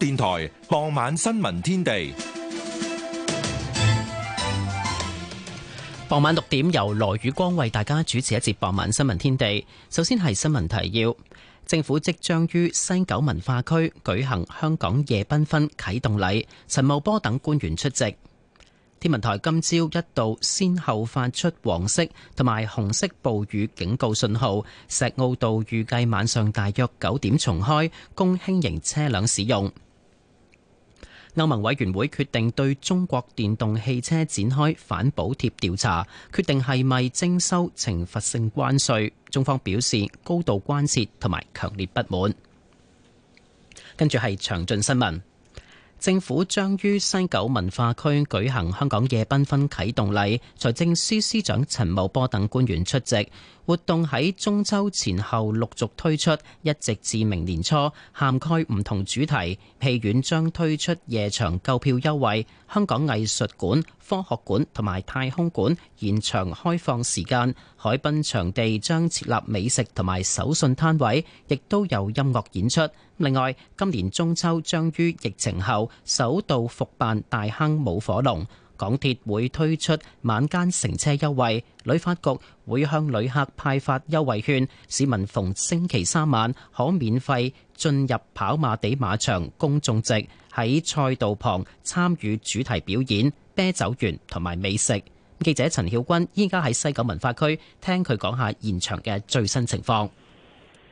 電台傍晚新聞天地，傍晚六點由羅宇光為大家主持一節傍晚新聞天地。首先係新聞提要：政府即將於西九文化區舉行香港夜繽紛啟動禮，陳茂波等官員出席。天文台今朝一度先後發出黃色同埋紅色暴雨警告信號，石澳道預計晚上大約九點重開，供輕型車輛使用。歐盟委員會決定對中國電動汽車展開反補貼調查，決定係咪徵收懲罰性關稅？中方表示高度關切同埋強烈不滿。跟住係詳盡新聞，政府將於西九文化區舉行香港夜繽紛啟動禮，財政司司長陳茂波等官員出席。活動喺中秋前後陸續推出，一直至明年初，涵蓋唔同主題。戲院將推出夜場購票優惠，香港藝術館、科學館同埋太空館延長開放時間。海濱場地將設立美食同埋手信攤位，亦都有音樂演出。另外，今年中秋將於疫情後首度復辦大坑舞火龍。港鐵會推出晚間乘車優惠，旅發局會向旅客派發優惠券，市民逢星期三晚可免費進入跑馬地馬場公眾席，喺賽道旁參與主題表演、啤酒園同埋美食。記者陳曉君依家喺西九文化區，聽佢講下現場嘅最新情況。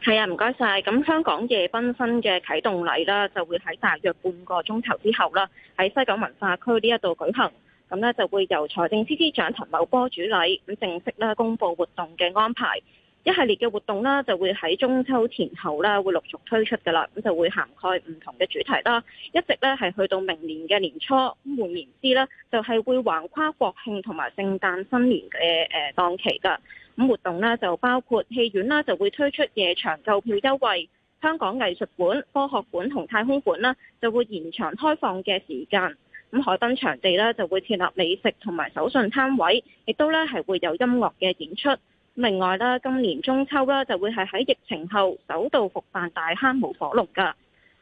係啊，唔該晒。咁香港夜繽紛嘅啟動禮啦，就會喺大約半個鐘頭之後啦，喺西九文化區呢一度舉行。咁咧就會由財政司司長陳茂波主禮，咁正式咧公布活動嘅安排。一系列嘅活動咧就會喺中秋前後咧會陸續推出嘅啦，咁就會涵蓋唔同嘅主題啦。一直咧係去到明年嘅年初，咁換言之咧就係會橫跨國慶同埋聖誕新年嘅誒檔期㗎。咁活動咧就包括戲院啦就會推出夜場購票優惠，香港藝術館、科學館同太空館啦就會延長開放嘅時間。咁海濱場地咧就會設立美食同埋手信攤位，亦都咧係會有音樂嘅演出。另外咧，今年中秋咧就會係喺疫情後首度復辦大坑舞火龍噶。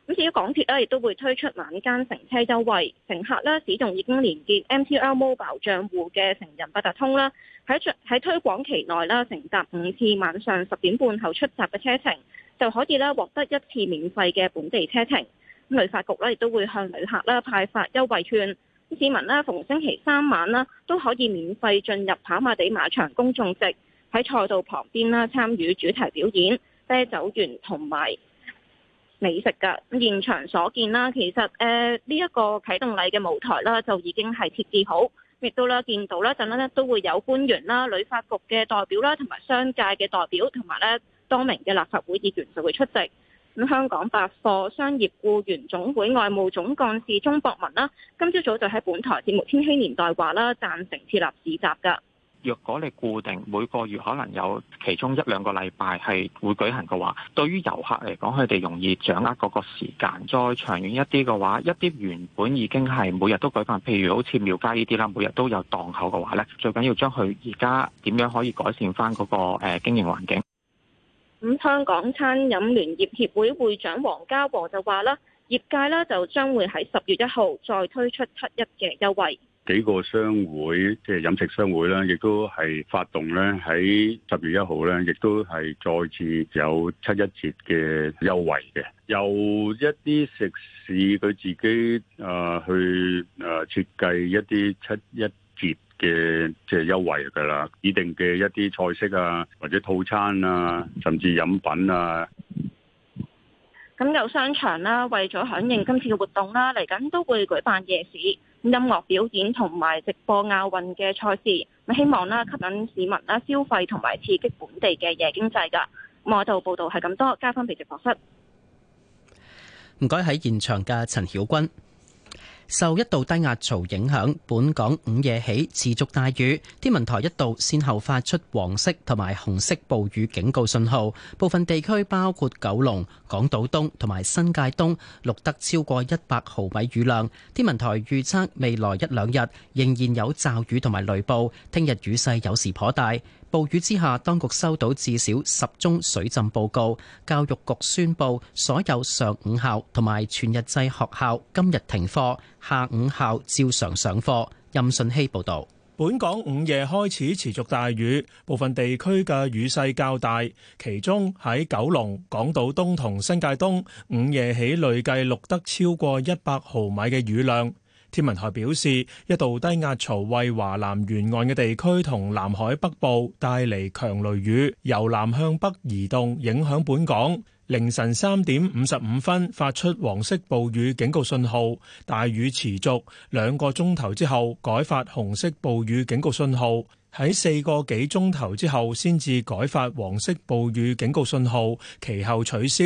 咁至於港鐵咧，亦都會推出晚間乘車優惠，乘客咧始終已經連結 MTR Mobile 賬戶嘅成人八達通啦，喺喺推廣期間啦，乘搭五次晚上十點半後出閘嘅車程，就可以咧獲得一次免費嘅本地車程。旅發局咧亦都會向旅客咧派發優惠券，市民咧逢星期三晚啦都可以免費進入跑馬地馬場公眾席喺賽道旁邊啦參與主題表演、啤酒園同埋美食嘅。咁現場所見啦，其實誒呢一個啟動禮嘅舞台啦就已經係設置好，亦都啦見到啦陣間咧都會有官員啦、旅發局嘅代表啦同埋商界嘅代表同埋咧多名嘅立法會議員就會出席。咁香港百貨商業雇員總會外務總幹事鐘博文啦，今朝早就喺本台節目《千禧年代話》話啦，讚成設立市集嘅。若果你固定每個月可能有其中一兩個禮拜係會舉行嘅話，對於遊客嚟講，佢哋容易掌握嗰個時間。再長遠一啲嘅話，一啲原本已經係每日都舉辦，譬如好似廟街呢啲啦，每日都有檔口嘅話呢，最緊要將佢而家點樣可以改善翻嗰個誒經營環境。咁香港餐飲聯業協會會長黃家和就話啦，業界咧就將會喺十月一號再推出七一嘅優惠。幾個商會即係飲食商會咧，亦都係發動咧喺十月一號咧，亦都係再次有七一折嘅優惠嘅。由一啲食肆佢自己誒、呃、去誒設計一啲七一折。嘅即係優惠噶啦，指定嘅一啲菜式啊，或者套餐啊，甚至飲品啊。咁有商場啦，為咗響應今次嘅活動啦，嚟緊都會舉辦夜市、音樂表演同埋直播亞運嘅賽事，咁希望啦吸引市民啦消費同埋刺激本地嘅夜經濟噶。我度報道係咁多，交翻俾直播室。唔該，喺現場嘅陳曉君。受一道低壓槽影響，本港午夜起持續大雨，天文台一度先後發出黃色同埋紅色暴雨警告信號，部分地區包括九龍、港島東同埋新界東錄得超過一百毫米雨量。天文台預測未來一兩日仍然有驟雨同埋雷暴。聽日雨勢有時頗大，暴雨之下，當局收到至少十宗水浸報告。教育局宣布，所有上午校同埋全日制學校今日停課，下午校照常上課。任信希報道。本港午夜開始持續大雨，部分地區嘅雨勢較大，其中喺九龍、港島東同新界東午夜起累計錄得超過一百毫米嘅雨量。天文台表示，一道低壓槽為華南沿岸嘅地區同南海北部帶嚟強雷雨，由南向北移動，影響本港。凌晨三點五十五分發出黃色暴雨警告信號，大雨持續兩個鐘頭之後改發紅色暴雨警告信號，喺四個幾鐘頭之後先至改發黃色暴雨警告信號，其後取消。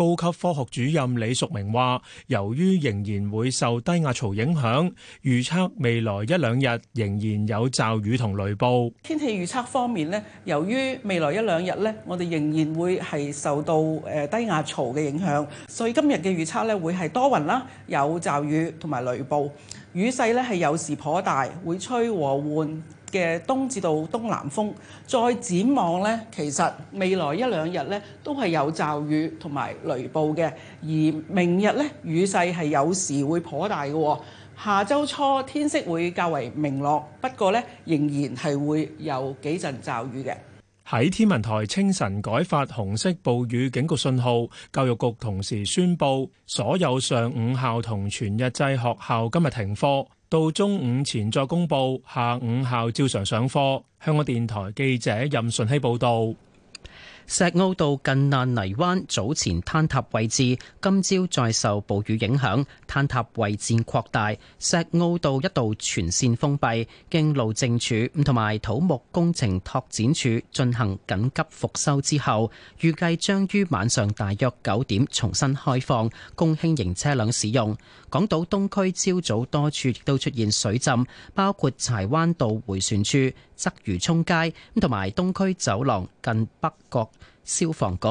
高級科學主任李淑明話，由於仍然會受低壓槽影響，預測未來一兩日仍然有驟雨同雷暴。天氣預測方面咧，由於未來一兩日咧，我哋仍然會係受到誒低壓槽嘅影響，所以今日嘅預測咧會係多雲啦，有驟雨同埋雷暴，雨勢咧係有時頗大，會吹和緩。嘅冬至東到東南風，再展望呢，其實未來一兩日呢都係有驟雨同埋雷暴嘅，而明日呢，雨勢係有時會頗大嘅。下周初天色會較為明朗，不過呢仍然係會有幾陣驟雨嘅。喺天文台清晨改發紅色暴雨警告信號，教育局同時宣布所有上午校同全日制學校今日停課。到中午前再公布，下午校照常上課。香港電台記者任順熙報道，石澳道近爛泥灣早前坍塌位置，今朝再受暴雨影響，坍塌位置擴大。石澳道一度全綫封閉，經路政署同埋土木工程拓展署進行緊急復修之後，預計將於晚上大約九點重新開放，供輕型車輛使用。港島東區朝早多處亦都出現水浸，包括柴灣道迴旋處、鰂魚涌街，同埋東區走廊近北角消防局。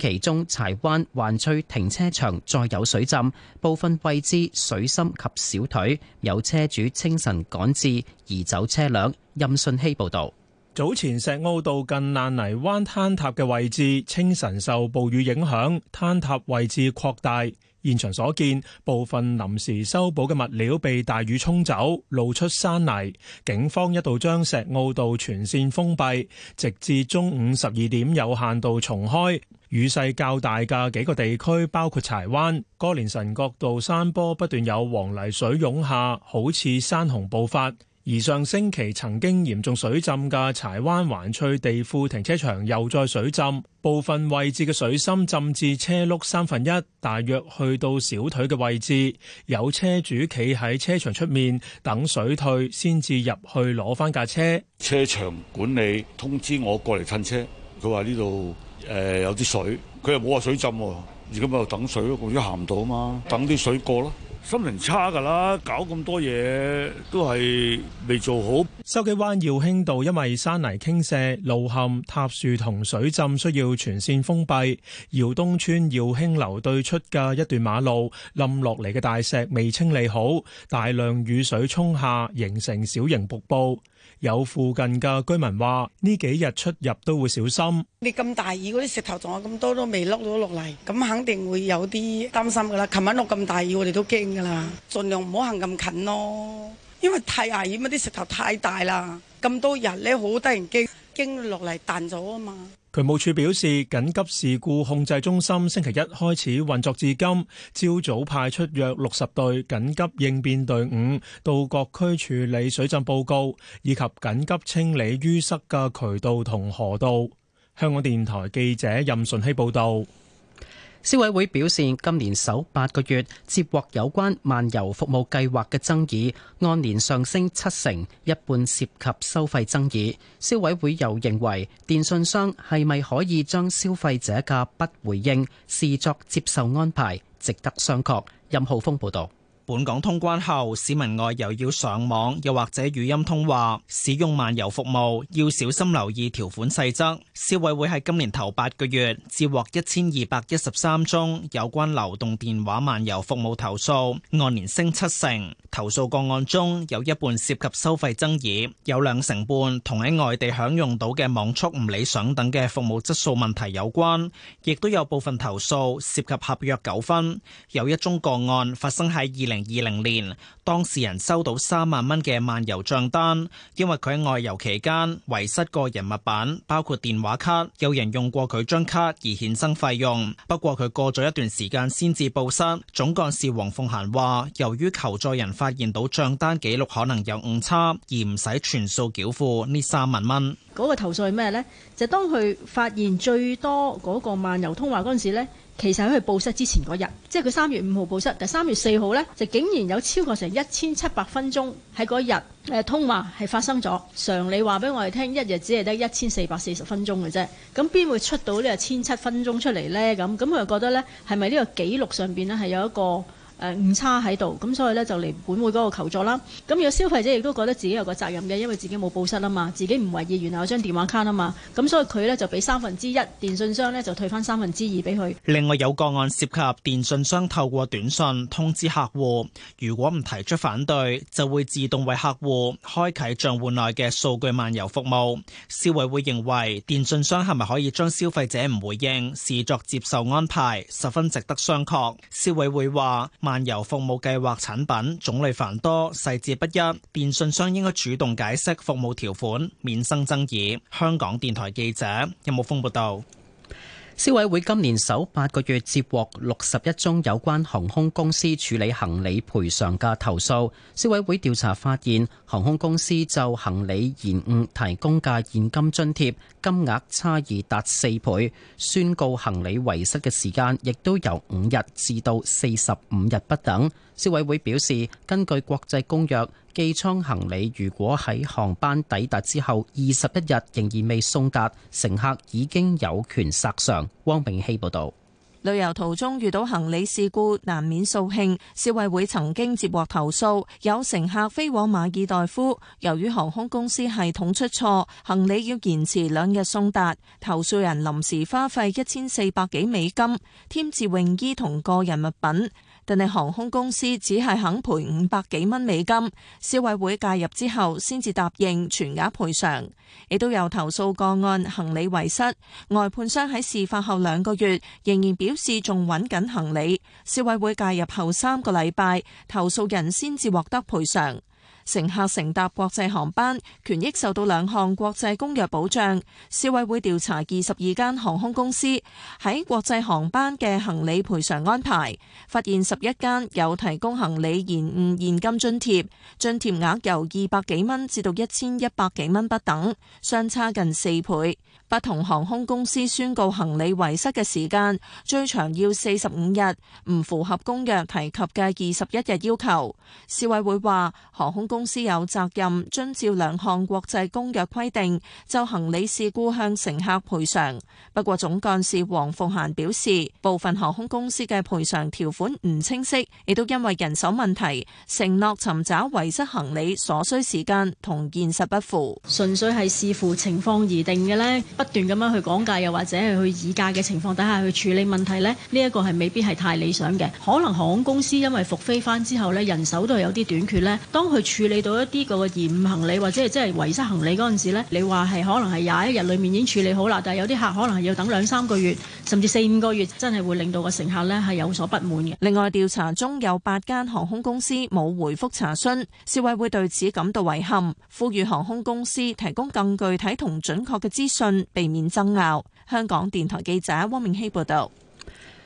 其中柴灣環翠停車場再有水浸，部分位置水深及小腿，有車主清晨趕至移走車輛。任信希報導，早前石澳道近爛泥灣坍塌嘅位置，清晨受暴雨影響，坍塌位置擴大。現場所見，部分臨時修補嘅物料被大雨沖走，露出山泥。警方一度將石澳道全線封閉，直至中午十二點有限度重開。雨勢較大嘅幾個地區，包括柴灣、歌連臣角道山坡，不斷有黃泥水湧下，好似山洪暴發。而上星期曾經嚴重水浸嘅柴灣環翠地庫停車場又再水浸，部分位置嘅水深浸至車轆三分一，大約去到小腿嘅位置。有車主企喺車場出面等水退先至入去攞翻架車。車場管理通知我過嚟移車，佢話呢度誒有啲水，佢又冇話水浸喎。而家咪喺度等水咯，行唔到啊嘛，等啲水過咯。心情差噶啦，搞咁多嘢都係未做好。筲箕灣耀興道因為山泥傾瀉、路陷、塔樹同水浸，需要全線封閉。耀東村耀興樓對出嘅一段馬路冧落嚟嘅大石未清理好，大量雨水沖下，形成小型瀑布。有附近嘅居民話：呢幾日出入都會小心。你咁大雨，嗰啲石頭仲有咁多都未碌到落嚟，咁肯定會有啲擔心噶啦。琴晚落咁大雨，我哋都驚噶啦。盡量唔好行咁近咯，因為太危險，嗰啲石頭太大啦，咁多人呢好得人驚，驚落嚟彈咗啊嘛。渠務署表示，緊急事故控制中心星期一開始運作至今，朝早派出約六十隊緊急應變隊伍到各區處理水浸報告，以及緊急清理淤塞嘅渠道同河道。香港電台記者任順希報導。消委會表示，今年首八個月接獲有關漫遊服務計劃嘅爭議，按年上升七成，一半涉及收費爭議。消委會又認為電信商係咪可以將消費者嘅不回應視作接受安排，值得商榷。任浩峰報道。本港通關後，市民外遊要上網，又或者語音通話，使用漫遊服務，要小心留意條款細則。消委會喺今年頭八個月接獲一千二百一十三宗有關流動電話漫遊服務投訴，按年升七成。投訴個案中有一半涉及收費爭議，有兩成半同喺外地享用到嘅網速唔理想等嘅服務質素問題有關，亦都有部分投訴涉及合約糾紛。有一宗個案發生喺二零。二零二零年，當事人收到三萬蚊嘅漫遊賬單，因為佢喺外遊期間遺失個人物品，包括電話卡，有人用過佢張卡而衍生費用。不過佢過咗一段時間先至報失。總幹事黃鳳嫻話，由於求助人發現到賬單記錄可能有誤差，而唔使全數繳付呢三萬蚊。嗰個投訴係咩呢？就是、當佢發現最多嗰個漫遊通話嗰陣時呢。其實喺佢報失之前嗰日，即係佢三月五號報失，但三月四號呢，就竟然有超過成一千七百分鐘喺嗰日誒通話係發生咗。常理話俾我哋聽，一日只係得一千四百四十分鐘嘅啫，咁邊會出到呢個千七分鐘出嚟呢？咁咁佢就覺得呢，係咪呢個記錄上邊呢，係有一個，誒誤差喺度，咁所以呢，就嚟本會嗰個求助啦。咁有消費者亦都覺得自己有個責任嘅，因為自己冇報失啊嘛，自己唔懷疑原來有張電話卡啊嘛。咁所以佢呢，就俾三分之一電信商呢，就退翻三分之二俾佢。另外有個案涉及電信商透過短信通知客戶，如果唔提出反對，就會自動為客戶開啓帳戶內嘅數據漫遊服務。消委會認為電信商係咪可以將消費者唔回應視作接受安排，十分值得商榷。消委會話。漫遊服務計劃產品種類繁多，細節不一，電信商應該主動解釋服務條款，免生爭議。香港電台記者任武峯報導。有消委會今年首八個月接獲六十一宗有關航空公司處理行李賠償嘅投訴。消委會調查發現，航空公司就行李延誤提供嘅現金津貼金額差異達四倍，宣告行李遺失嘅時間亦都由五日至到四十五日不等。消委會表示，根據國際公約，寄艙行李如果喺航班抵達之後二十一日仍然未送達，乘客已經有權索償。汪明熙報道。旅游途中遇到行李事故，難免掃興。消委會曾經接獲投訴，有乘客飛往馬爾代夫，由於航空公司系統出錯，行李要延遲兩日送達。投訴人臨時花費一千四百幾美金，添置泳衣同個人物品。但係航空公司只係肯賠五百幾蚊美金，消委會介入之後先至答應全額賠償，亦都有投訴個案行李遺失，外判商喺事發後兩個月仍然表示仲揾緊行李，消委會介入後三個禮拜，投訴人先至獲得賠償。乘客乘搭國際航班，權益受到兩項國際公約保障。消委會調查二十二間航空公司喺國際航班嘅行李賠償安排，發現十一間有提供行李延誤現金津貼，津貼額由二百幾蚊至到一千一百幾蚊不等，相差近四倍。同航空公司宣告行李遺失嘅時間最長要四十五日，唔符合公約提及嘅二十一日要求。市委會話航空公司有責任遵照兩項國際公約規定，就行李事故向乘客賠償。不過總幹事黃鳳嫻表示，部分航空公司嘅賠償條款唔清晰，亦都因為人手問題，承諾尋找遺失行李所需時間同現實不符，純粹係視乎情況而定嘅呢。不斷咁樣去講價，又或者係去議價嘅情況底下，去處理問題呢，呢一個係未必係太理想嘅。可能航空公司因為復飛翻之後呢，人手都係有啲短缺呢當佢處理到一啲個延誤行李或者係即係遺失行李嗰陣時咧，你話係可能係廿一日裏面已經處理好啦，但係有啲客可能係要等兩三個月，甚至四五個月，真係會令到個乘客呢係有所不滿嘅。另外調查中有八間航空公司冇回覆查詢，消委會對此感到遺憾，呼籲航空公司提供更具體同準確嘅資訊。避免爭拗。香港電台記者汪明熙報道，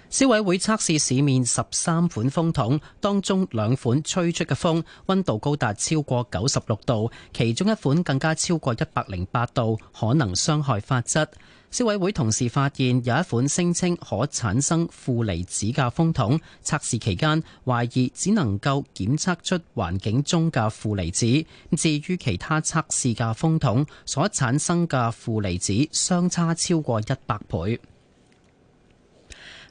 消委會測試市面十三款風筒，當中兩款吹出嘅風溫度高達超過九十六度，其中一款更加超過一百零八度，可能傷害發質。消委會同時發現有一款聲稱可產生負離子嘅風筒，測試期間懷疑只能夠檢測出環境中嘅負離子。至於其他測試嘅風筒所產生嘅負離子，相差超過一百倍。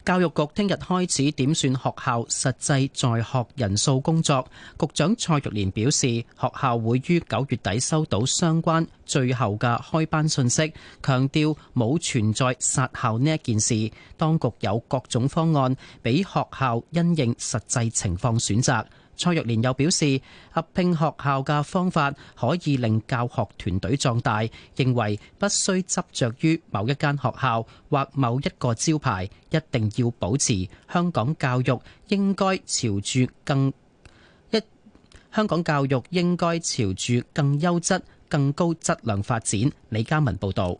教育局聽日開始點算學校實際在學人數工作。局長蔡若蓮表示，學校會於九月底收到相關最後嘅開班信息，強調冇存在殺校呢一件事。當局有各種方案俾學校因應實際情況選擇。蔡玉蓮又表示，合併學校嘅方法可以令教學團隊壯大，認為不需執着於某一間學校或某一個招牌，一定要保持香港教育應該朝住更，一，香港教育應該朝住更優質、更高質量發展。李嘉文報道。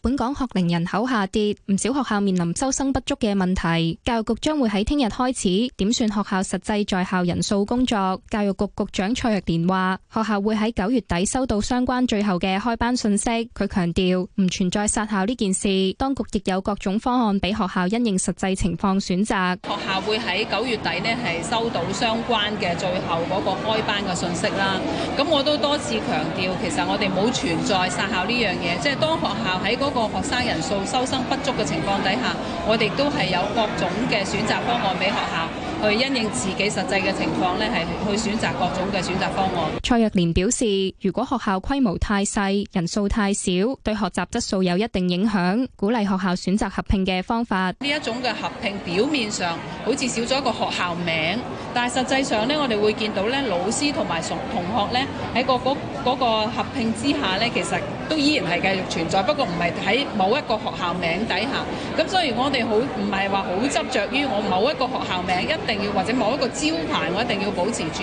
本港學齡人口下跌，唔少學校面臨收生不足嘅問題。教育局將會喺聽日開始點算學校實際在校人數工作。教育局局長蔡若蓮話：學校會喺九月底收到相關最後嘅開班信息。佢強調唔存在殺校呢件事。當局亦有各種方案俾學校因應實際情況選擇。學校會喺九月底呢係收到相關嘅最後嗰個開班嘅信息啦。咁我都多次強調，其實我哋冇存在殺校呢樣嘢，即係當學校喺嗰。個學生人數收生不足嘅情況底下，我哋都係有各種嘅選擇方案俾學校去因應自己實際嘅情況咧，係去選擇各種嘅選擇方案。蔡若蓮表示，如果學校規模太細、人數太少，對學習質素有一定影響，鼓勵學校選擇合併嘅方法。呢一種嘅合併表面上好似少咗一個學校名，但係實際上咧，我哋會見到咧，老師同埋同學學咧喺個嗰嗰、個合併之下咧，其實。都依然係繼續存在，不過唔係喺某一個學校名底下。咁所以我哋好唔係話好執着於我某一個學校名，一定要或者某一個招牌，我一定要保持住。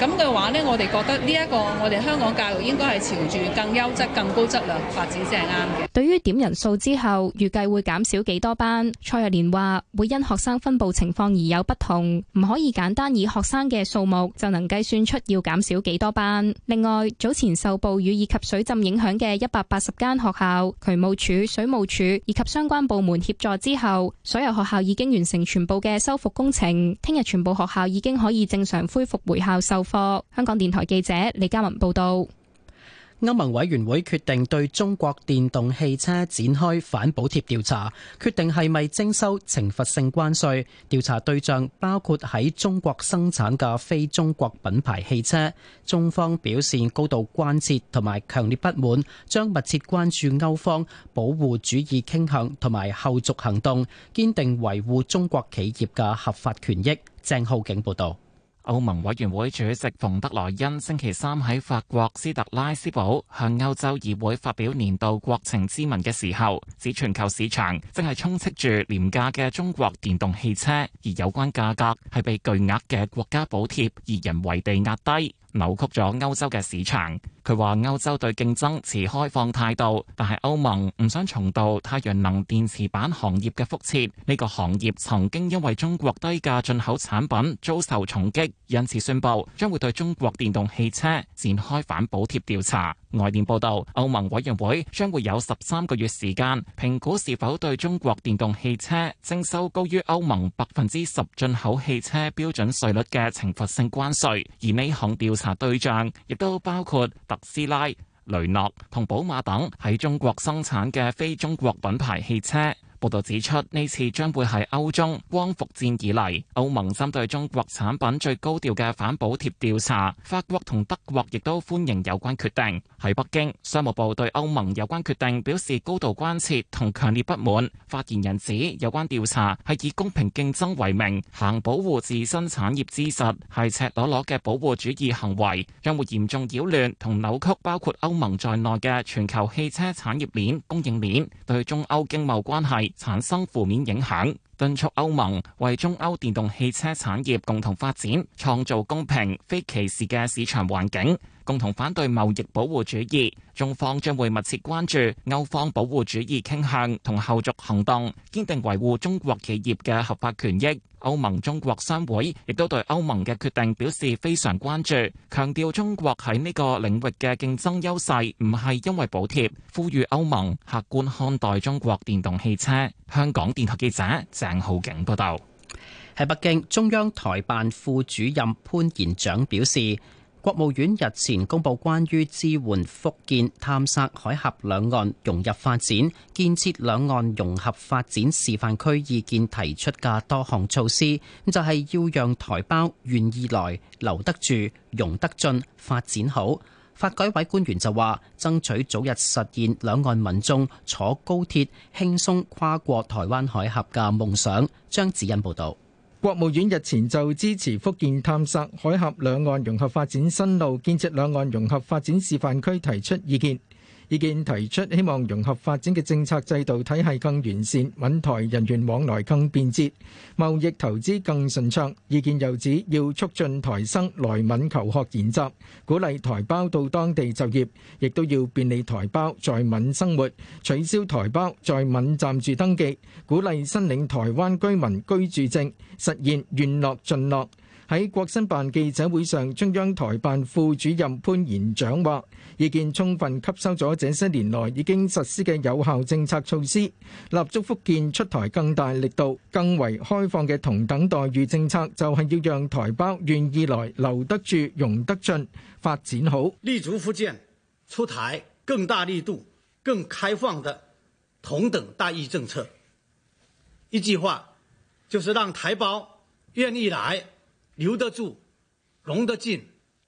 咁嘅話咧，我哋覺得呢、這、一個我哋香港教育應該係朝住更優質更高質量發展先係啱嘅。對於點人數之後預計會減少幾多班，蔡若蓮話會因學生分布情況而有不同，唔可以簡單以學生嘅數目就能計算出要減少幾多班。另外，早前受暴雨以及水浸影響嘅一百八十間學校、渠務署、水務署以及相關部門協助之後，所有學校已經完成全部嘅修復工程。聽日全部學校已經可以正常恢復回校授課。香港電台記者李嘉文報道。歐盟委員會決定對中國電動汽車展開反補貼調查，決定係咪徵收懲罰性關稅？調查對象包括喺中國生產嘅非中國品牌汽車。中方表現高度關切同埋強烈不滿，將密切關注歐方保護主義傾向同埋後續行動，堅定維護中國企業嘅合法權益。鄭浩景報道。歐盟委員會主席馮德萊恩星期三喺法國斯特拉斯堡，向歐洲議會發表年度國情咨文嘅時候，指全球市場正係充斥住廉價嘅中國電動汽車，而有關價格係被巨額嘅國家補貼而人為地壓低，扭曲咗歐洲嘅市場，佢話歐洲對競爭持開放態度，但係歐盟唔想重蹈太陽能電池板行業嘅覆轍，呢個行業曾經因為中國低價進口產品遭受重擊，因此宣布將會對中國電動汽車展開反補貼調查。外電報道，歐盟委員會將會有十三個月時間評估是否對中國電動汽車徵收高於歐盟百分之十進口汽車標準稅率嘅懲罰性關稅，而呢項調查對象亦都包括特斯拉、雷諾同寶馬等喺中國生產嘅非中國品牌汽車。報道指出，呢次將會係歐中光伏戰以嚟歐盟針對中國產品最高調嘅反補貼調查。法國同德國亦都歡迎有關決定。喺北京，商務部對歐盟有關決定表示高度關切同強烈不滿。發言人指，有關調查係以公平競爭為名，行保護自身產業之實，係赤裸裸嘅保護主義行為，將會嚴重擾亂同扭曲包括歐盟在內嘅全球汽車產業鏈供應鏈，對中歐經貿關係。產生負面影響，敦促歐盟為中歐電動汽車產業共同發展，創造公平、非歧視嘅市場環境。共同反對貿易保護主義，中方將會密切關注歐方保護主義傾向同後續行動，堅定維護中國企業嘅合法權益。歐盟中國商會亦都對歐盟嘅決定表示非常關注，強調中國喺呢個領域嘅競爭優勢唔係因為補貼，呼籲歐盟客觀看待中國電動汽車。香港電台記者鄭浩景報道。喺北京，中央台辦副主任潘賢掌表示。國務院日前公布關於支援福建探索海峽兩岸融入發展、建設兩岸融合發展示範區意見提出嘅多項措施，就係、是、要讓台胞願意來、留得住、融得進、發展好。發改委官員就話，爭取早日實現兩岸民眾坐高鐵輕鬆跨過台灣海峽嘅夢想。張子欣報導。國務院日前就支持福建探索海峽兩岸融合發展新路，建設兩岸融合發展示範區提出意見。意見提出希望融合發展嘅政策制度體系更完善，閩台人員往來更便捷，貿易投資更順暢。意見又指要促進台生來閩求學研習，鼓勵台胞到當地就業，亦都要便利台胞在閩生活，取消台胞在閩暫住登記，鼓勵申領台灣居民居住證，實現願落盡落。喺國新辦記者會上，中央台辦副主任潘賢掌話。意見充分吸收咗這些年來已經實施嘅有效政策措施，立足福建出台更大力度、更為開放嘅同等待遇政策，就係要讓台胞願意來、留得住、融得進、發展好。立足福建出台更大力度、更開放的同等待遇政策，一句話，就是讓台胞願意來，留得住、融得進、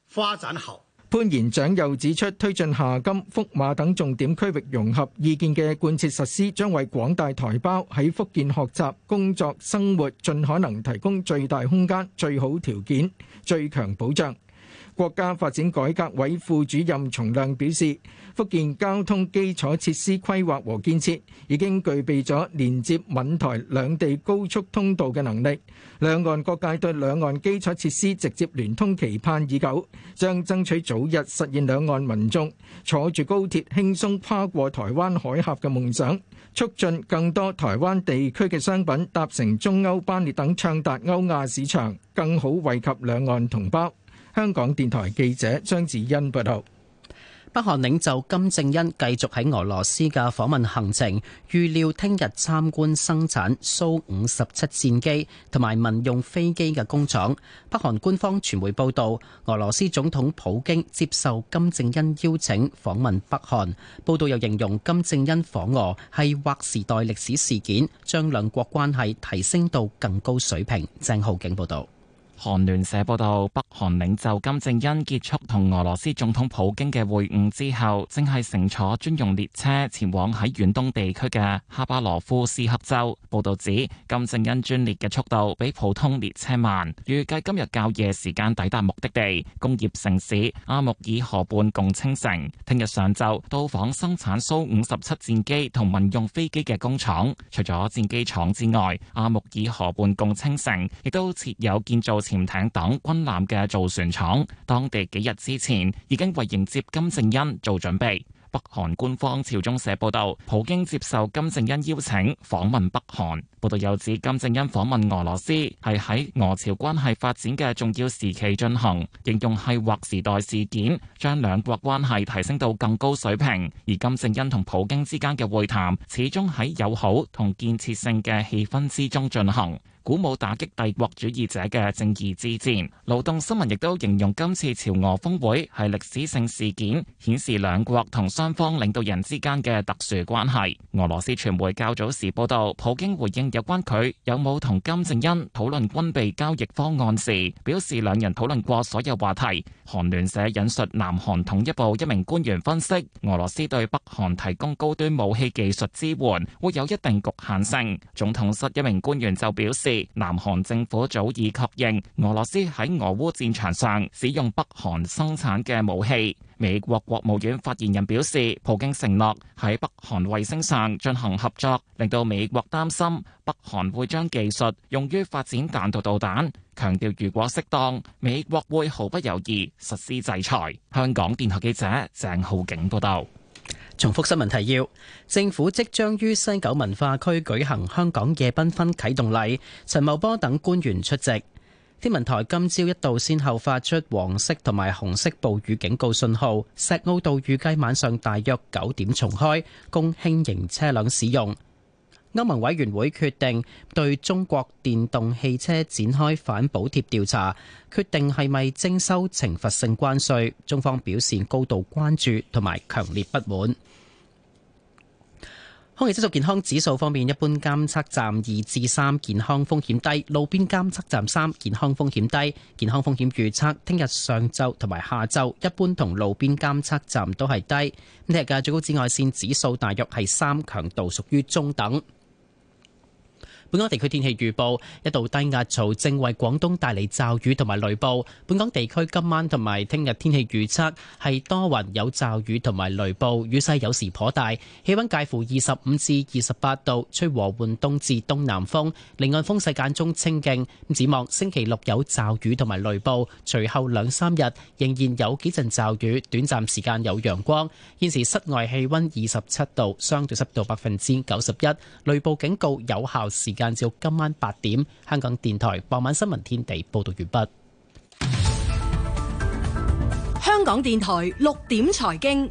發展好。潘賢掌又指出，推進廈金、福馬等重點區域融合意見嘅貫徹實施，將為廣大台胞喺福建學習、工作、生活，盡可能提供最大空間、最好條件、最強保障。國家發展改革委副主任叢亮表示，福建交通基礎設施規劃和建設已經具備咗連接閩台兩地高速通道嘅能力。兩岸各界對兩岸基礎設施直接聯通期盼已久，將爭取早日實現兩岸民眾坐住高鐵輕鬆跨過台灣海峽嘅夢想，促進更多台灣地區嘅商品搭乘中歐班列等暢達歐亞市場，更好惠及兩岸同胞。香港電台記者張子欣報道：北韓領袖金正恩繼續喺俄羅斯嘅訪問行程，預料聽日參觀生產蘇五十七戰機同埋民用飛機嘅工廠。北韓官方傳媒報道，俄羅斯總統普京接受金正恩邀請訪問北韓。報道又形容金正恩訪俄係劃時代歷史事件，將兩國關係提升到更高水平。鄭浩景報道。韓聯社報道，北韓領袖金正恩結束同俄羅斯總統普京嘅會晤之後，正係乘坐專用列車前往喺遠東地區嘅哈巴羅夫斯克州。報道指，金正恩專列嘅速度比普通列車慢，預計今日較夜時間抵達目的地工業城市阿穆爾河畔共青城，聽日上晝到訪生產蘇五十七戰機同民用飛機嘅工廠。除咗戰機廠之外，阿穆爾河畔共青城亦都設有建造潛艇等軍艦嘅造船廠，當地幾日之前已經為迎接金正恩做準備。北韓官方朝中社報道，普京接受金正恩邀請訪問北韓。報道又指，金正恩訪問俄羅斯係喺俄朝關係發展嘅重要時期進行，形容係劃時代事件，將兩國關係提升到更高水平。而金正恩同普京之間嘅會談始終喺友好同建設性嘅氣氛之中進行。鼓舞打擊帝國主義者嘅正義之戰。勞動新聞亦都形容今次朝俄峰會係歷史性事件，顯示兩國同雙方領導人之間嘅特殊關係。俄羅斯傳媒較早時報道，普京回應有關佢有冇同金正恩討論軍備交易方案時，表示兩人討論過所有話題。韓聯社引述南韓統一部一名官員分析，俄羅斯對北韓提供高端武器技術支援會有一定局限性。總統室一名官員就表示：南韓政府早已確認俄羅斯喺俄烏戰場上使用北韓生產嘅武器。美國國務院發言人表示，普京承諾喺北韓衛星上進行合作，令到美國擔心北韓會將技術用於發展彈道導彈。強調如果適當，美國會毫不猶豫實施制裁。香港電台記者鄭浩景報道。重複新聞提要：政府即將於西九文化區舉行香港夜繽紛啟動禮，陳茂波等官員出席。天文台今朝一度先後發出黃色同埋紅色暴雨警告信號，石澳道預計晚上大約九點重開，供輕型車輛使用。歐盟委員會決定對中國電動汽車展開反補貼調查，決定係咪徵收懲罰性關稅？中方表示高度關注同埋強烈不滿。空氣質素健康指數方面，一般監測站二至三，健康風險低；路邊監測站三，健康風險低。健康風險預測聽日上晝同埋下晝，一般同路邊監測站都係低。咁聽日嘅最高紫外線指數大約係三，強度屬於中等。本港地區天氣預報，一道低壓槽正為廣東帶嚟驟雨同埋雷暴。本港地區今晚同埋聽日天氣預測係多雲有驟雨同埋雷暴，雨勢有時頗大。氣溫介乎二十五至二十八度，吹和緩東至東南風，離岸風勢間中清勁，咁展望星期六有驟雨同埋雷暴，隨後兩三日仍然有幾陣驟雨，短暫時間有陽光。現時室外氣溫二十七度，相對濕度百分之九十一，雷暴警告有效時。.時間至今晚八點，香港電台傍晚新聞天地報道完畢。香港電台六點財經，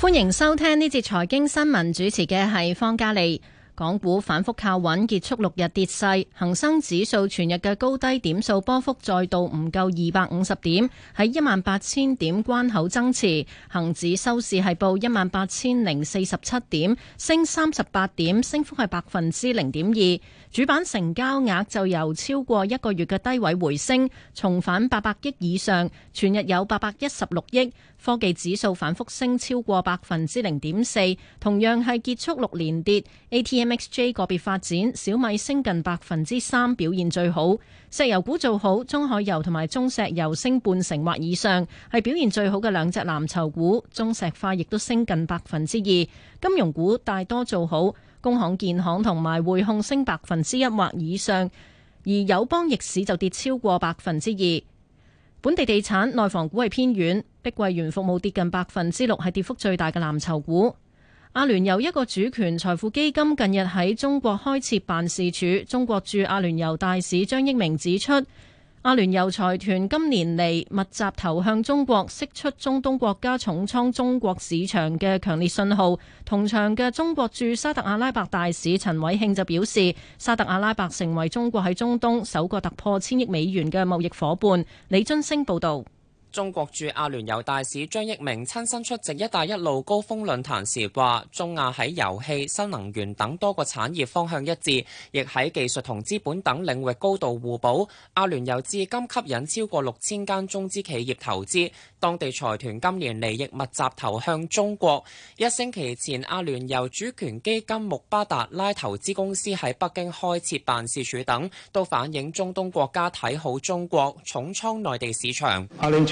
歡迎收聽呢節財經新聞，主持嘅係方嘉莉。港股反覆靠穩，結束六日跌勢。恒生指數全日嘅高低點數波幅再度唔夠二百五十點，喺一萬八千點關口增持。恒指收市係報一萬八千零四十七點，升三十八點，升幅係百分之零點二。主板成交額就由超過一個月嘅低位回升，重返八百億以上，全日有八百一十六億。科技指數反覆升超過百分之零點四，同樣係結束六連跌。A T M X J 個別發展，小米升近百分之三，表現最好。石油股做好，中海油同埋中石油升半成或以上，係表現最好嘅兩隻藍籌股。中石化亦都升近百分之二。金融股大多做好，工行、建行同埋匯控升百分之一或以上，而友邦逆市就跌超過百分之二。本地地產內房股係偏軟，碧桂園服務跌近百分之六，係跌幅最大嘅藍籌股。阿聯酋一個主權財富基金近日喺中國開設辦事處，中國駐阿聯酋大使張益明指出。阿聯酋財團今年嚟密集投向中國，釋出中東國家重倉中國市場嘅強烈信號。同場嘅中國駐沙特阿拉伯大使陳偉慶就表示，沙特阿拉伯成為中國喺中東首個突破千億美元嘅貿易伙伴。李津升報道。中國駐阿聯酋大使張益明親身出席“一帶一路”高峰論壇時話，中亞喺油氣、新能源等多個產業方向一致，亦喺技術同資本等領域高度互補。阿聯酋至今吸引超過六千間中資企業投資，當地財團今年利益密集投向中國。一星期前，阿聯酋主權基金穆巴達拉投資公司喺北京開設辦事處等，都反映中東國家睇好中國，重倉內地市場。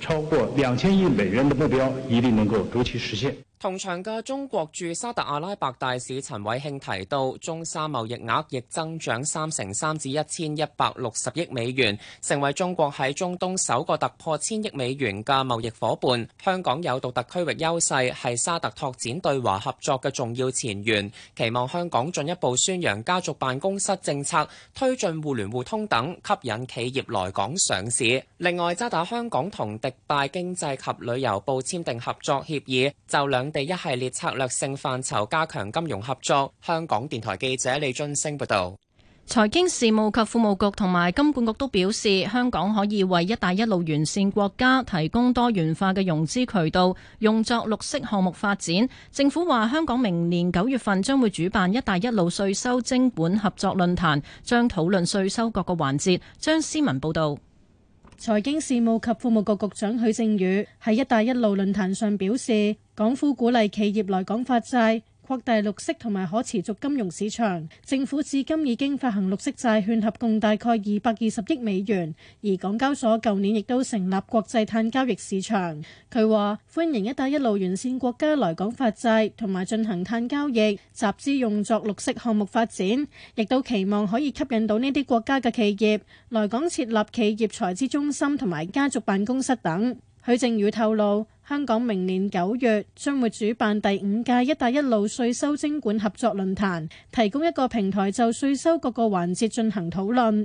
超過兩千億美元的目標，一定能夠如期實現。同場嘅中國駐沙特阿拉伯大使陳偉慶提到，中沙貿易額亦增長三成三，至一千一百六十億美元，成為中國喺中東首個突破千億美元嘅貿易夥伴。香港有獨特區域優勢，係沙特拓展對華合作嘅重要前沿。期望香港進一步宣揚家族辦公室政策，推進互聯互通等，吸引企業來港上市。另外，渣打香港同迪拜經濟及旅遊部簽訂合作協議，就兩地一系列策略性範疇加強金融合作。香港電台記者李俊昇報道，財經事務及庫務局同埋金管局都表示，香港可以為一帶一路沿線國家提供多元化嘅融資渠道，用作綠色項目發展。政府話，香港明年九月份將會主辦一帶一路稅收徵管合作論壇，將討論稅收各個環節。張思文報道。財經事務及服務庫務局局長許正宇喺“一帶一路”論壇上表示，港府鼓勵企業來港發債。擴大綠色同埋可持續金融市場，政府至今已經發行綠色債券合共大概二百二十億美元，而港交所舊年亦都成立國際碳交易市場。佢話歡迎一帶一路沿線國家來港發債同埋進行碳交易，集資用作綠色項目發展，亦都期望可以吸引到呢啲國家嘅企業來港設立企業財資中心同埋家族辦公室等。許正宇透露。香港明年九月將會主辦第五屆「一帶一路」稅收徵管合作論壇，提供一個平台就稅收各個環節進行討論。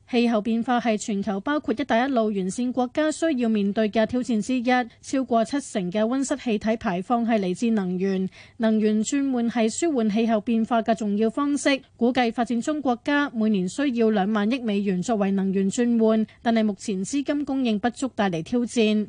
氣候變化係全球包括一帶一路完善國家需要面對嘅挑戰之一，超過七成嘅溫室氣體排放係嚟自能源。能源轉換係舒緩氣候變化嘅重要方式，估計發展中國家每年需要兩萬億美元作為能源轉換，但係目前資金供應不足，帶嚟挑戰。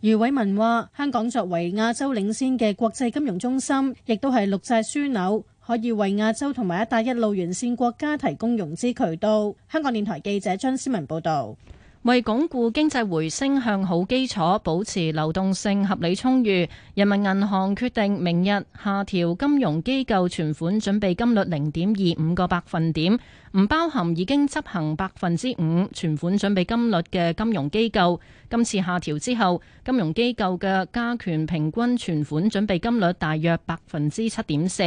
余偉文話，香港作為亞洲領先嘅國際金融中心，亦都係綠債樞紐，可以為亞洲同埋一帶一路完善國家提供融資渠道。香港電台記者張思文報導。為鞏固經濟回升向好基礎，保持流動性合理充裕，人民銀行決定明日下調金融機構存款準備金率零點二五個百分點，唔包含已經執行百分之五存款準備金率嘅金融機構。今次下調之後，金融機構嘅加權平均存款準備金率大約百分之七點四。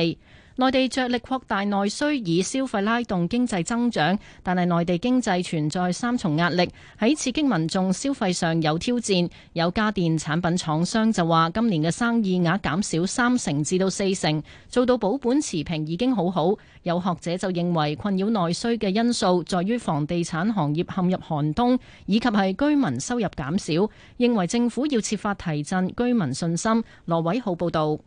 內地着力擴大內需，以消費拉動經濟增長，但係內地經濟存在三重壓力，喺刺激民眾消費上有挑戰。有家電產品廠商就話，今年嘅生意額減少三成至到四成，做到保本持平已經好好。有學者就認為，困擾內需嘅因素，在於房地產行業陷入寒冬，以及係居民收入減少。認為政府要設法提振居民信心。羅偉浩報導。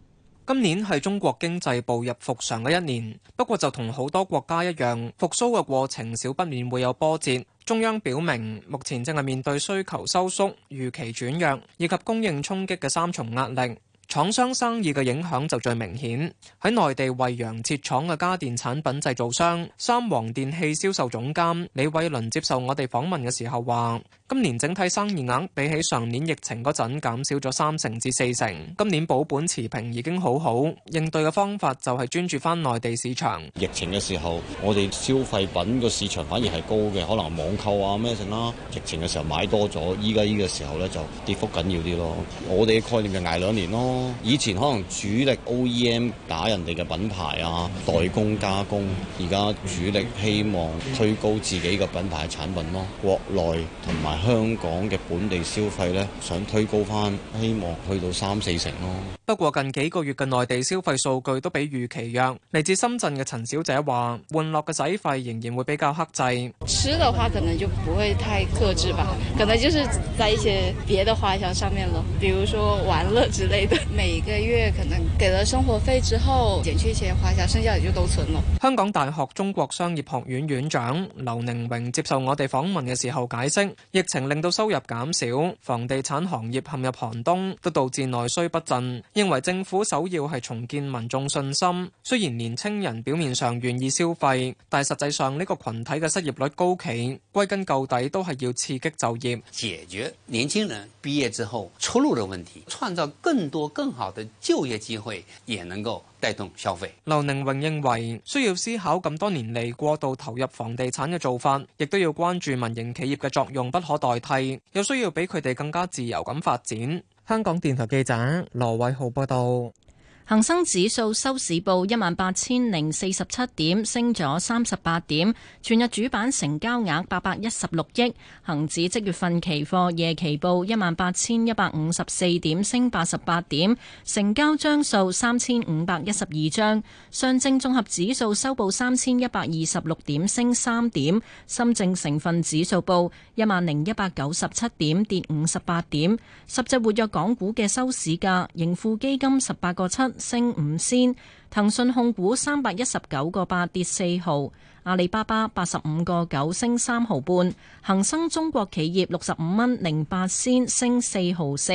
今年係中國經濟步入復常嘅一年，不過就同好多國家一樣，復甦嘅過程少不免會有波折。中央表明，目前正係面對需求收縮、預期轉弱以及供應衝擊嘅三重壓力，廠商生意嘅影響就最明顯。喺內地惠陽設廠嘅家電產品製造商三皇電器銷售總監李偉倫接受我哋訪問嘅時候話。今年整體生意額比起上年疫情嗰陣減少咗三成至四成。今年保本持平已經好好，應對嘅方法就係專注翻內地市場。疫情嘅時候，我哋消費品個市場反而係高嘅，可能網購啊咩剩啦。疫情嘅時候買多咗，依家呢個時候咧就跌幅緊要啲咯。我哋嘅概念就挨兩年咯。以前可能主力 OEM 打人哋嘅品牌啊，代工加工，而家主力希望推高自己嘅品牌產品咯。國內同埋。香港嘅本地消費咧，想推高返，希望去到三四成咯。不過近幾個月嘅內地消費數據都比預期弱。嚟自深圳嘅陳小姐話，玩樂嘅使費仍然會比較克制。吃的話可能就唔會太克制吧，可能就是在一些別的花銷上面咯，比如說玩樂之類的。每個月可能給了生活費之後，減去一些花銷，剩下就都存咯。香港大學中國商業學院院長劉寧榮接受我哋訪問嘅時候解釋，疫情令到收入減少，房地產行業陷入寒冬，都導致內需不振。認為政府首要係重建民眾信心。雖然年輕人表面上願意消費，但係實際上呢個群體嘅失業率高企，歸根究底都係要刺激就業，解決年輕人畢業之後出路嘅問題，創造更多更好嘅就業機會，也能夠，帶動消費。劉寧榮認為，需要思考咁多年嚟過度投入房地產嘅做法，亦都要關注民營企業嘅作用不可代替，又需要俾佢哋更加自由咁發展。香港電台記者羅偉浩報道。恒生指數收市報一萬八千零四十七點，升咗三十八點。全日主板成交額八百一十六億。恒指即月份期貨夜期報一萬八千一百五十四點，升八十八點，成交張數三千五百一十二張。上證綜合指數收報三千一百二十六點，升三點。深證成分指數報一萬零一百九十七點，跌五十八點。十隻活躍港股嘅收市價，盈富基金十八個七。升五仙，騰訊控股三百一十九個八，跌四毫，阿里巴巴八十五個九，升三毫半，恒生中國企業六十五蚊零八仙，升四毫四，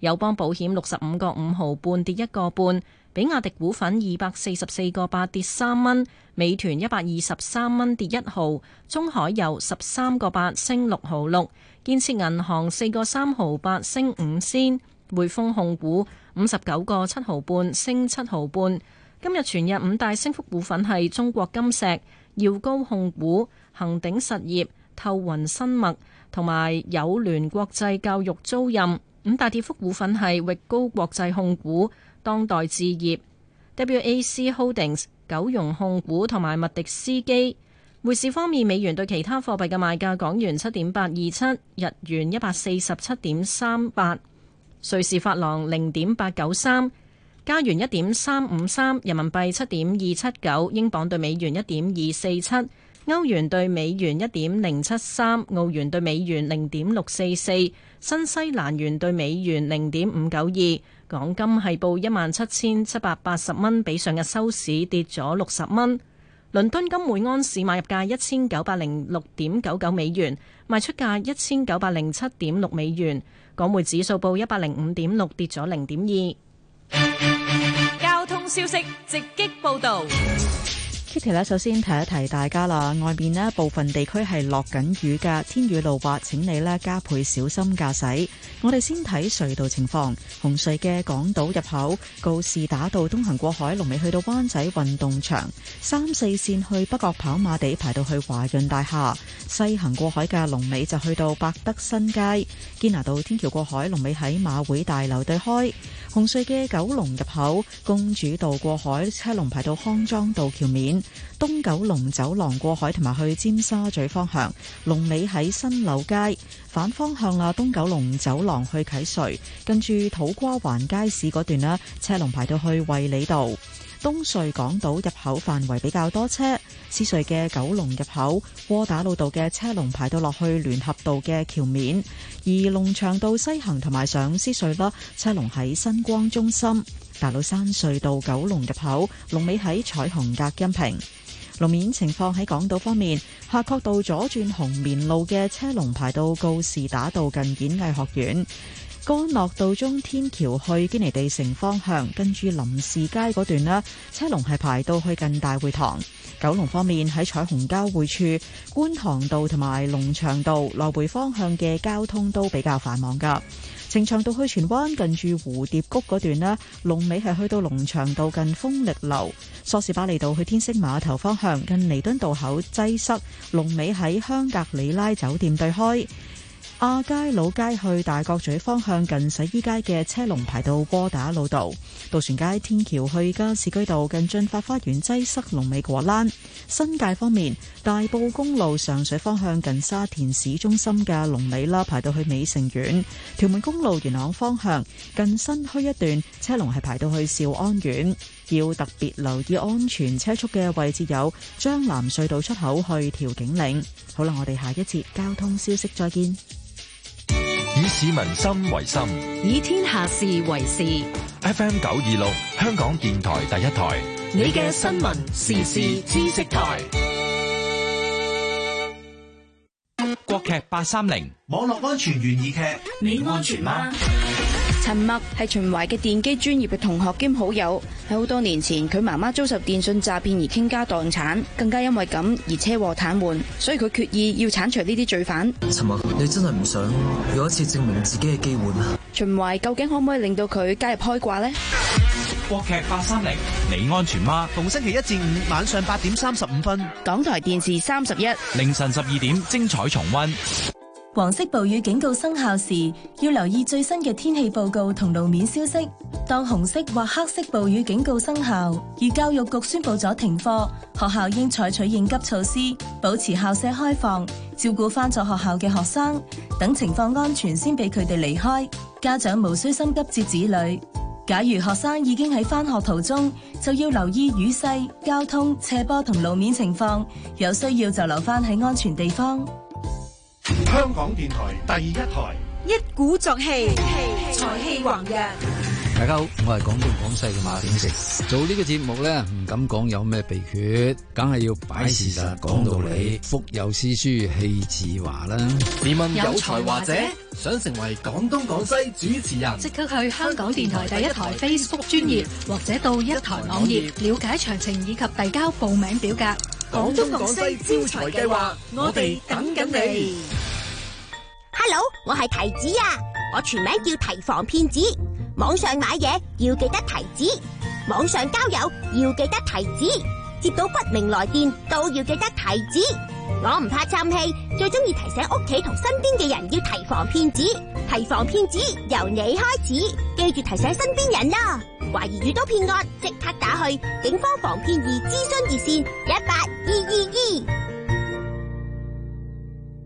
友邦保險六十五個五毫半，跌一個半，比亞迪股份二百四十四個八，跌三蚊，美團一百二十三蚊，跌一毫，中海油十三個八，升六毫六，建設銀行四個三毫八，升五仙，匯豐控股五十九個七毫半升七毫半。今日全日五大升幅股份係中國金石、耀高控股、恒鼎實業、透雲生物同埋友聯國際教育租賃。五大跌幅股份係域高國際控股、當代置業、W A C Holdings、九融控股同埋麥迪斯基。匯市方面，美元對其他貨幣嘅賣價，港元七點八二七，日元一百四十七點三八。瑞士法郎零點八九三，加元一點三五三，人民幣七點二七九，英鎊兌美元一點二四七，歐元兌美元一點零七三，澳元兌美元零點六四四，新西蘭元兌美元零點五九二。港金係報一萬七千七百八十蚊，比上日收市跌咗六十蚊。倫敦金每盎司買入價一千九百零六點九九美元，賣出價一千九百零七點六美元。港媒指數報一百零五點六，跌咗零點二。交通消息，直擊報道。Kitty 咧，首先提一提大家啦，外面呢，部分地區係落緊雨嘅，天雨路滑，請你呢加倍小心駕駛。我哋先睇隧道情況，紅隧嘅港島入口告士打道東行過海，龍尾去到灣仔運動場；三四線去北角跑馬地排到去華潤大廈，西行過海嘅龍尾就去到百德新街；堅拿道天橋過海，龍尾喺馬會大樓對開。紅隧嘅九龍入口，公主道過海，車龍排到康莊道橋面，東九龍走廊過海同埋去尖沙咀方向，龍尾喺新樓街，反方向啦，東九龍走廊去啟瑞，跟住土瓜灣街市嗰段啦，車龍排到去衛理道。東隧港島入口範圍比較多車，獅隧嘅九龍入口窩打老道嘅車龍排到落去聯合道嘅橋面，而龍翔道西行同埋上獅隧啦，車龍喺新光中心、大老山隧道九龍入口龍尾喺彩虹隔音屏。路面情況喺港島方面，夏慤道左轉紅棉路嘅車龍排到告士打道近演藝學院。干諾道中天橋去堅尼地城方向，跟住林士街嗰段啦。車龍係排到去近大會堂。九龍方面喺彩虹交匯處、觀塘道同埋龍翔道來回方向嘅交通都比較繁忙噶。呈祥道去荃灣近住蝴蝶谷嗰段啦。龍尾係去到龍翔道近豐力樓。梳士巴利道去天星碼頭方向，近彌敦道口擠塞，龍尾喺香格里拉酒店對開。亞皆老街去大角咀方向，近洗衣街嘅車龍排到窩打老道；渡船街天橋去加士居道，近駿發花園擠塞，龍尾果欄。新界方面，大埔公路上水方向近沙田市中心嘅龍尾啦，排到去美城苑；屯門公路元朗方向近新墟一段，車龍係排到去兆安苑。要特別留意安全車速嘅位置有將藍隧道出口去調景嶺。好啦，我哋下一節交通消息再見。市民心為心，以天下事為事。FM 九二六，香港電台第一台，你嘅新聞時事知識台。國劇八三零，網絡安全懸疑劇，你安全嗎？陳默係秦懷嘅電機專業嘅同學兼好友，喺好多年前佢媽媽遭受電信詐騙而傾家蕩產，更加因為咁而車禍癱瘓，所以佢決意要鏟除呢啲罪犯。陳默，你真係唔想有一次證明自己嘅機會嗎？秦懷究竟可唔可以令到佢加入開掛呢？國劇八三零，你安全嗎？逢星期一至五晚上八點三十五分，港台電視三十一，凌晨十二點精彩重溫。黃色暴雨警告生效時，要留意最新嘅天氣報告同路面消息。當紅色或黑色暴雨警告生效，而教育局宣布咗停課，學校應採取應急措施，保持校舍開放，照顧翻咗學校嘅學生，等情況安全先俾佢哋離開。家長無需心急接子女。假如學生已經喺翻學途中，就要留意雨勢、交通、斜坡同路面情況，有需要就留翻喺安全地方。香港電台第一台，一鼓作氣，才氣橫溢。大家好，我係廣東廣西嘅馬鼎盛。做呢個節目咧，唔敢講有咩秘訣，梗係要擺事實，講道理，腹有詩書氣自華啦。自問有才華者想成為廣東廣西主持人，即刻去香港電台第一台 Facebook 專業，或者到一台網頁了解詳情以及遞交報名表格。廣東廣西招才計劃，我哋等緊你。hello，我係提子啊，我全名叫提防騙子。網上買嘢要記得提子，網上交友要記得提子，接到不明來電都要記得提子。我唔怕歎氣，最中意提醒屋企同身邊嘅人要提防騙子。提防騙子由你開始，記住提醒身邊人啦。懷疑遇到騙案，即刻打去警方防騙易諮詢熱線一八二二二。